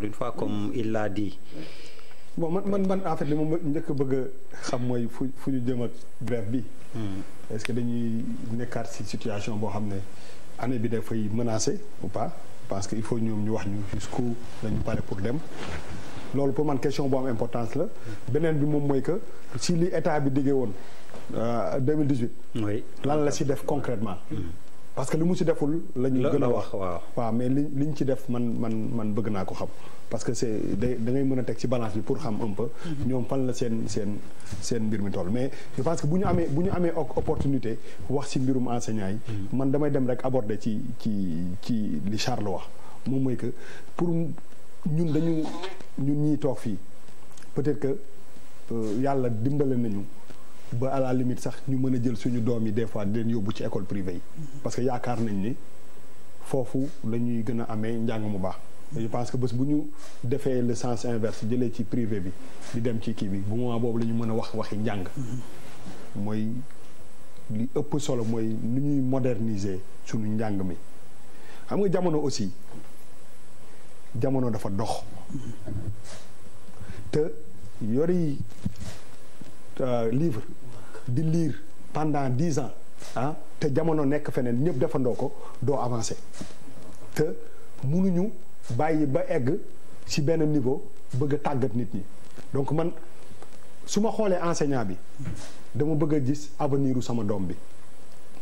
encore une fois comme il l'a man man man en fait li ma njëkk bëgg a xam mooy fu fu ñu jëm ak grève bi. Hmm. est-ce que dañuy nekkaat si situation boo xam ne année bi fay menacé ou pa parce que il faut ñoom ñu wax ñu jusqu'où dañu pare pour dem. loolu pour man question bu am importance la beneen bi moom mooy que si li état bi diggee woon 2018. Euh, oui lan la si def concrètement. Hmm. parce que li mu ci deful la ñu gën a wax waaw mais li li ñu ci def man man man bëgg naa ko xam parce que c'est da da mën a teg ci balance bi pour xam un peu mhm. ñoom fan la seen seen mbir mi toll mais parce que bu ñu amee bu ñu amee opportunité wax ci mbirum enseignant yi mhm. man damay dem rek aborder ci ci ci li Charles wax moom mooy que pour ñun dañu ñun ñii toog fii peut-être que euh, yàlla dimbale nañu ba à la limite sax ñu mën a jël suñu doom yi des fois di leen yóbbu ci école privée yi. Mm-hmm. parce que yaakaar nañ ni foofu lañuy gën a amee njàng mu baax. je pense que bés bu ñu defee le sens inverse jëlee ci privé bi di dem ci kii bi bu moment boobu la ñu mën a wax waxi njàng. Mm-hmm. mooy li ëpp solo mooy ni ñuy moderniser suñu njàng mi am nga jamono aussi jamono dafa dox mm-hmm. te yori euh, livre. di liir pendant dix ans ah te jamono nekk feneen ñëpp defandoo ko doo avancer te mënuñu bàyyi ba egg si benn niveau bëgg a tàggat nit ñi donc man su ma xoolee enseignant bi dama bëgg a gis avenir sama doom bi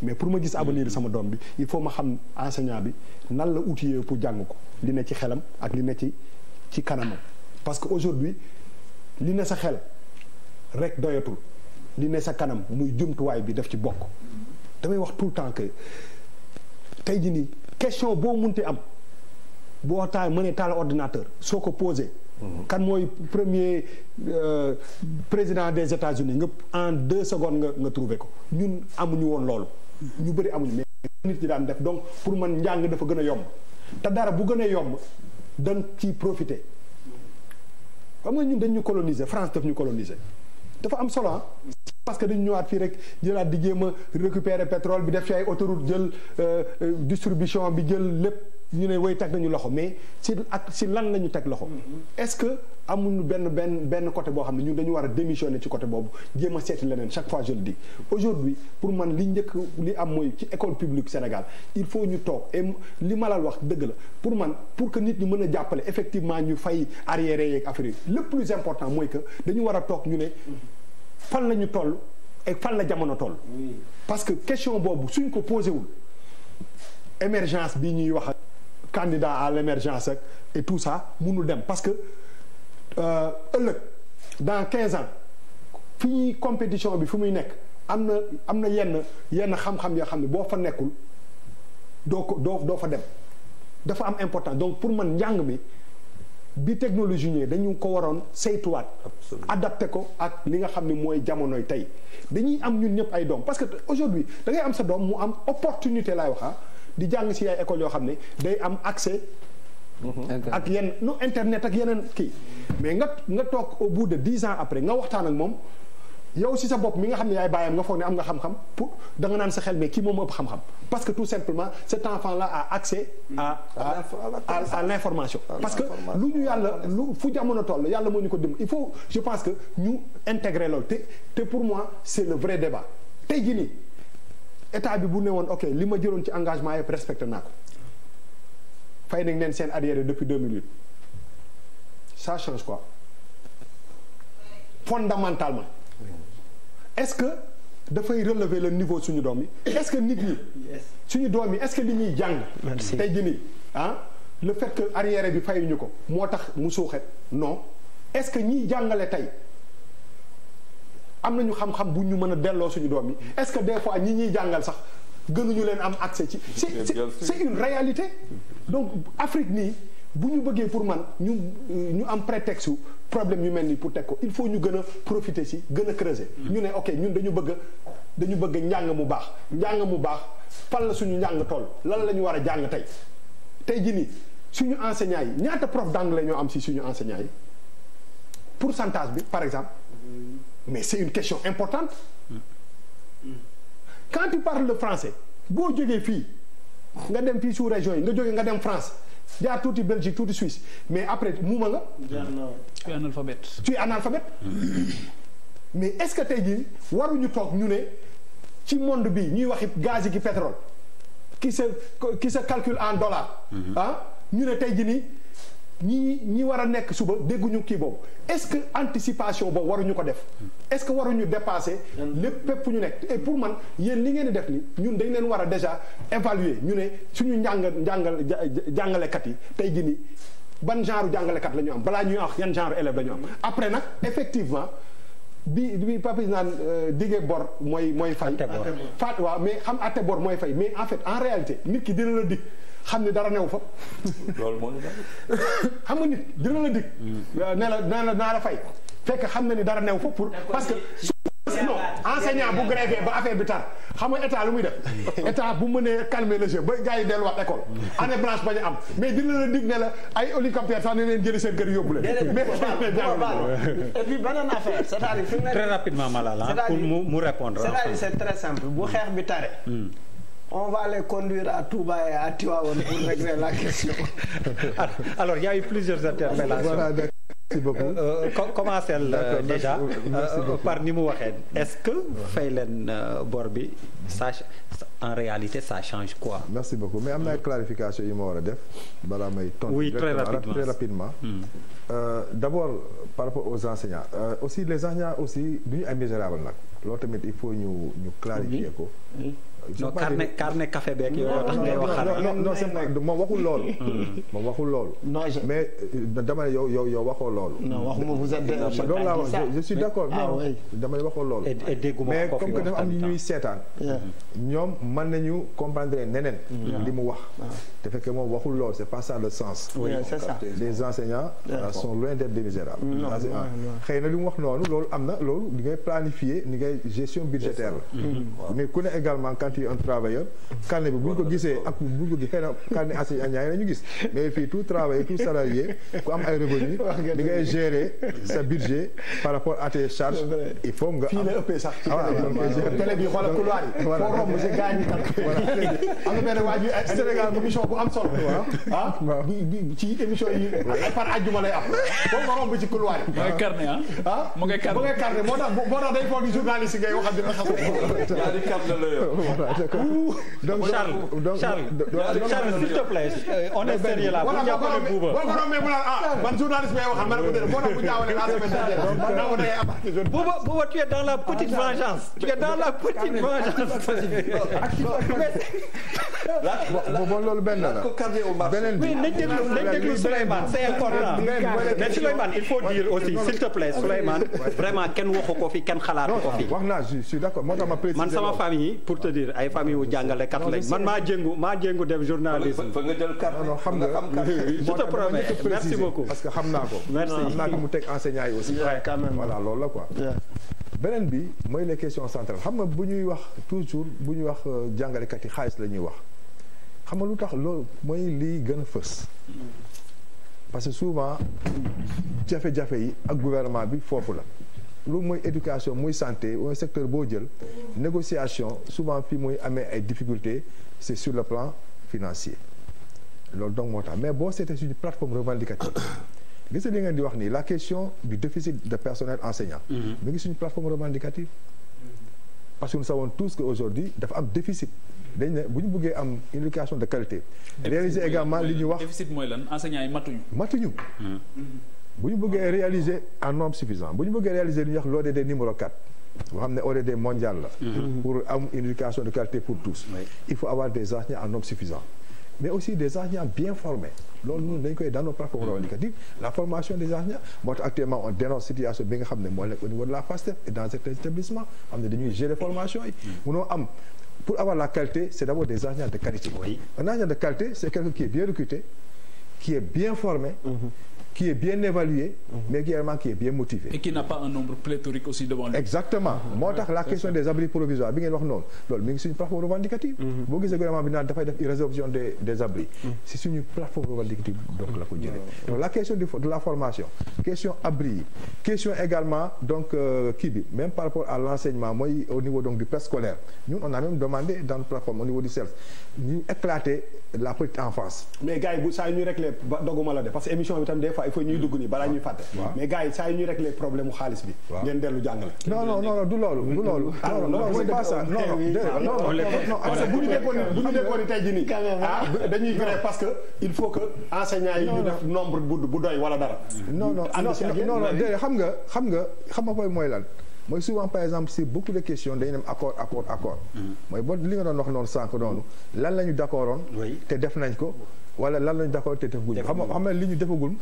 mais pour ma gis avenir sama doom bi il faut ma xam enseignant bi nan la outillé pour jàng ko li ne ci xelam ak li ne ci ci kanamam parce que aujourd'hui li ne sa xel rek doyatul li ne sa kanam muy jumtuwaay bi def ci bokk damay wax tout le temps que tey jii nii question boo mun munti am boo taal mënee taal ordinateur soo ko posé. Mhm. kan mooy premier euh, président des États-Unis ñëpp en deux secondes nga nga trouvé ko ñun amuñu woon loolu. ñu bëri amuñu mais nit ñi daan def donc pour man njàng dafa gën a yomb te dara bu gënee yomb dañ ciy profité xam nga ñun dañ ñu coloniser France daf ñu coloniser. dafa am solo ah. parce que dañu ñëwaat fii rek jëlaat di jéem a récupérer pétrole bi def ci ay autoroute jël euh, euh, distribution bi jël lépp. ñu ne woy teg nañu loxo mais ci ak ci lan la ñu teg loxo. Mm-hmm. est-ce que amuñu benn benn benn côté boo xam ne ñun dañu war a démissionner ci côté boobu jéem a seeti leneen chaque fois je le dis. aujourd'hui pour man li njëkk li am mooy ci école publique Sénégal il faut ñu toog li malal wax dëgg la pour man pour que nit ñu mën a jàppale effectivement ñu fay arriéré yeeg affaire yi le plus important mooy que dañu war a toog ñu ne mm-hmm. fan la ñu toll et fan la jamono toll. parce que question boobu suñ ko posé wul émergence bi ñuy wax. candidat à l'émergence ak et tout ça mënul dem parce que euh, ëllëg dans quinze ans fii compétition bi fu muy nekk am na am na yenn yenn xam-xam yoo xam ne boo fa nekkul doo ko doo fa dem dafa am important donc pour man njàng mi bi technologie ñëwee dañu ko waroon saytuwaat. adapté ko ak li nga xam ni mooy jamonoy tey dañuy am ñun ñëpp ay doom parce que aujourd'hui da ngay am sa doom mu am opportunité laay waxa ah, di jàng si ay école yoo xam ne day am accès. ak yenn nu internet ak yeneen kii. mais nga nga toog au bout de dix ans après nga waxtaan ak moom yow si sa bopp mi nga xam ne yaay bàyyam nga foog ne am nga xam-xam pour da nga naan sa xel mais kii moom ëpp xam-xam parce que tout simplement cet enfant là a accès. à à à l'information. parce que lu ñu yàlla lu fu jamono toll yàlla moo ñu ko dim il faut je pense que ñu intégrer loolu te te pour moi c'est le vrai débat tey état bi bu ne woon ok li ma jëloon ci engagement yëpp respecté naa ko fay nañ leen seen arrière depuis 2008 ça change quoi fondamentalement est-ce que dafay relever le niveau suñu doom yi est-ce que nit yi suñu doom yi est-ce que li ñuy jàng tey jii nii ah le fait que arrière bi fayuñu ko moo tax mu suuxet non est-ce que ñiy jàngale tey am nañu xam-xam bu ñu mën a delloo suñu doom yi est-ce que des fois ñi ñuy jàngal sax gënuñu leen am accès ci c'est une réalité donc Afrique nii bu ñu bëggee pour man ñu ñu am prétexte problème yu mel nii pour teg ko il faut ñu gën a profiter si gën a creuser mm. ñu ne ok ñun dañu bëgg dañu bëgg njàng mu baax njàng mu baax fan la suñu njàng tool lan la ñu war a jàng tey tey jii nii suñu enseignants yi ñaata prof d'anglais ñoo am si suñu enseignants yi pour centage bi par exemple mais c'est une question importante quand tu parles le français boo jógee fii nga dem fii sous région yi nga jógee nga dem France jaar tuuti Belgique tuuti Suisse mais après muuma nga. tu es analphabète. tu es analphabète. mais est-ce que tey jii waruñu toog ñu ne ci monde bi ñuy waxi gaz gi pétrole qui se qui se calcule en dollars. Ah, ñu ne tey jii nii. ñi ñi war a nekk suba dégguñu kii boobu est-ce que anticipation boobu waruñu ko def est-ce que waruñu dépasser lépp pépp ñu nekk et pour man yéen li ngeen di def ni ñun dañ leen war a déjà évaluer ñu ne suñu njàng njàngal jàngalekat yi tey jii nii ban genre jàngalekat la ñu am balaa ñuy wax yan genre élève la am après nag effectivement bi bi papis naan euh, digee bor mooy mooy fay faat waaw mais xam atte bor mooy fay mais en fait en réalité nit ki dina la xam ni dara new fa. loolu moo ñu dal. xam nga nit dina la dig. Hmm. nee la naa la fay. fekk xam na ni dara new fa pour parce que. non enseignant bu grévé ba affaire bi tar xam nga état lu muy def hmm. état bu mënee calmer le jeu ba gars yi delluwaat école hmm. année blanche bañ a am mais dina la dig ne la ay hélicoptère sax ne leen jëli seen kër yóbbu leen mais et puis beneen affaire cest pour mu répondre cest à on va les conduire à Touba à Tivaouane pour régler la question. alors ya y a eu plusieurs interpellations. merci beaucoup comment celle déjà par ni mu waxee est-ce que fay leen euh, bor bi en réalité ça change quoi. merci beaucoup mais am na ay clarification yu ma war a def balaa may. tontu très rapidement très hmm. euh, d' abord par rapport aux enseignants euh, aussi les enseignants aussi du ñu ay misérable nag loolu tamit il faut ñu ñu clarifier ko. Euh, non carnet carnet café beeg yooyu tax ngay waxal non waxul loolu. Hmm. mais dama ne yow yow yow waxoo loolu. non waxuma vous êtes loolu laa wax je suis d' accord ah, non dama ne waxoo loolu. mais comme que dafa am ñuy seetaan ñoom. mën nañu comprendre neneen mm-hmm. li mu wax ah. te fekkee moom waxul lool c'est pas ça le sens oui, c'est ça. les enseignants euh, sont loin d'être des misérables xëy na li mu wax noonu loolu am na loolu li ngay planifier ni ngay gestion budgétaire la mm-hmm. mais ku ne également quand un travailleur carnet bi bu ñu ko gisee ak bu ñu ko xëy na carnet enseignant yi la gis mais fii tout travailleur tout salarié ku am ay revenu li ngay gérer sa budget par rapport à tes il faut nga voilà am na benn waa ji Sénégal émission bu am solo. ah ci émission yi. ay par àjjuma lay am. boo ko romb ci couloir yi. mooy carnet ah. ah mu ngay carnet mu ngay carnet moo tax moo tax day foog ni journaliste ngay wax dina xasu. yaa di carnet la yor. voilà donc Charles Charles Charles s'il te plaît on est sérieux là. bu jàppale Bouba boo ko rombee mu naan ah man journaliste may waxal ma ne ko déedéet moo tax bu jaawale la semaine dernière. Bouba Bouba tu es dans la petite vengeance. tu es dans la petite vengeance. bon loolu benn la beneen bi nañ déglu nañ déglu Souleymane c'est important mais Souleymane il faut dire aussi s'il te plaît Souleymane vraiment kenn waxu ko fi kenn xalaatu ko fi. wax naa je suis d'accord moo tax ma préciser man sama famille pour te dire ay famille wu jàngalekat lañ man maa jéngu maa jéngu def journalisme. fa nga jël carte xam nga je te promets merci beaucoup. parce que xam naa ko. merci xam naa ko mu teg enseignants yi aussi. voilà loolu la quoi. beneen bi mooy les questions centrales xam nga bu ñuy wax toujours bu ñuy wax euh, jàngalekat yi xaalis la ñuy wax xam nga lu tax loolu mooy lii gën a fës parce que souvent jafe-jafe yi ak gouvernement bi foofu la loolu mooy éducation muy santé mooy secteur boo jël négociation souvent fii muy amee ay difficultés c'est sur le plan financier loolu donc moo tax mais boo seetee suñu plateforme revendicative gis nga li ngeen di wax nii la question du déficit de personnel enseignant. Mm-hmm. mu ngi suñu plateforme revendicative. Mm-hmm. parce que nous savons tous que aujourd'hui dafa am déficit. dañ ne bu ñu bëggee am une de qualité. réaliser également li ñuy wax déficit mooy lan enseignants yi matuñu. matuñu. Mm-hmm. bu ñu bëggee réaliser en nombre suffisant bu ñu bëggee réaliser li ñuy wax l'ODD numéro 4. boo xam ne ODD mondial la. pour am une éducation de qualité pour tous. il faut avoir des enseignants en mais aussi des enseignants bien formés loolu ñun dañ koy dans nos plateformes revendicatives la formation des enseignants moo tax actuellement on dénonce situation bi xam ne moo nekk au niveau de la FASTEF et dans certains établissements xam ne dañuy gérer formation yi munoo am pour avoir la qualité c'est d'abord des enseignants de qualité c'est quelqu'un qui est bien recruté qui est bien formé mm-hmm. qui est bien évalué, mmh. mais également qui est bien motivé. Et qui Exactement. moo tax la question des abris provisoires bi ngeen wax noonu loolu mi ngi suñu plateforme revendicative. Mm-hmm. boo gisee gouvernement dafay def irrésolution des des abris. c'est mm-hmm. suñu plateforme revendicative donc la ko jëlee. la question de la formation question abri yi question également donc euh, kii bi même par rapport à l'enseignement mooy au niveau donc du a au niveau du CELS ñu éclater la petite enfance. mais il faut ñuy dugg nii balaa ñuy fàtte mais gars yi saa yi ñuy régler problème mu bu ah, que il faut que enseignants yi ñu def nombre bu doy wala dara non non non non déedéet xam nga xam nga xam nga koy mooy lan mooy souvent par exemple si beaucoup de questions dañu dem accord accord accord mm-hmm. mooy boo li nga doon wax noonu sànq noonu lan la ñu d'accordoon te def nañ ko wala lan la ñu d'accord te defaguñ xam nga xam nga li ñu defagul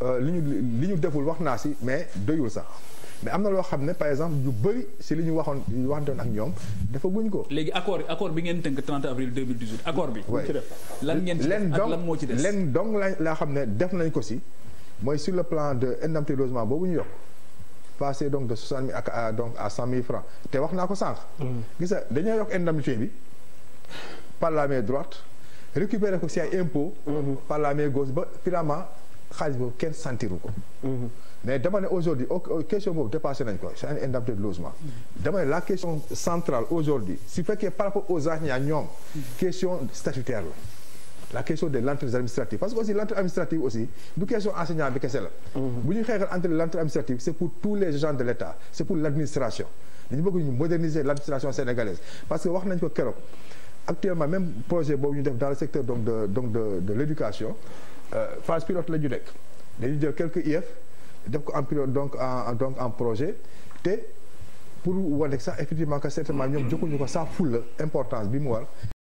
Euh, li ñu li ñu deful wax naa si mais doyul sax mais am na loo xam ne par exemple yu bëri si li ñu waxoon waxantewoon ak ñoom dafa guñ ko. léegi accord accord bi ngeen tënk 30 avril 2018 accord bi. oui lan ngeen ci def ak lan moo ci des leen dong la laa xam ne def nañ ko si mooy sur le plan de indemnité de boobu ñu yokk passé donc de 60 000 ak donc à 100 000 francs te wax naa ko sànq. Mm. gis nga dañoo yokk indemnité bi par la main droite récupérer ko si ay impôts. Mm-hmm. par la main gauche ba finalement. xaalis boobu kenn sentiru ko. Mhm. mais dama ne aujourd'hui question boobu dépassé nañ ko c'est une indemnité de logement dama ne la question centrale aujourd'hui si fekkee par rapport aux enseignants ñoom question statutaire la la question de l'entrée administrative parce que aussi l'entrée administrative aussi du question enseignant bi kese la mhm. bu ñu xeexal entre l'entrée administrative c'est pour tous les gens de l'État c'est pour l'administration dañu ko keroog actuellement même projet boobu ñu def dans le secteur donc de donc Euh, phase pilote la ñu nekk dañu jël quelques IEF def ko en pilote donc en donc en projet te pour wane sax effectivement que certainement ñoom jokkuñu ko sax ful la importance bi mu war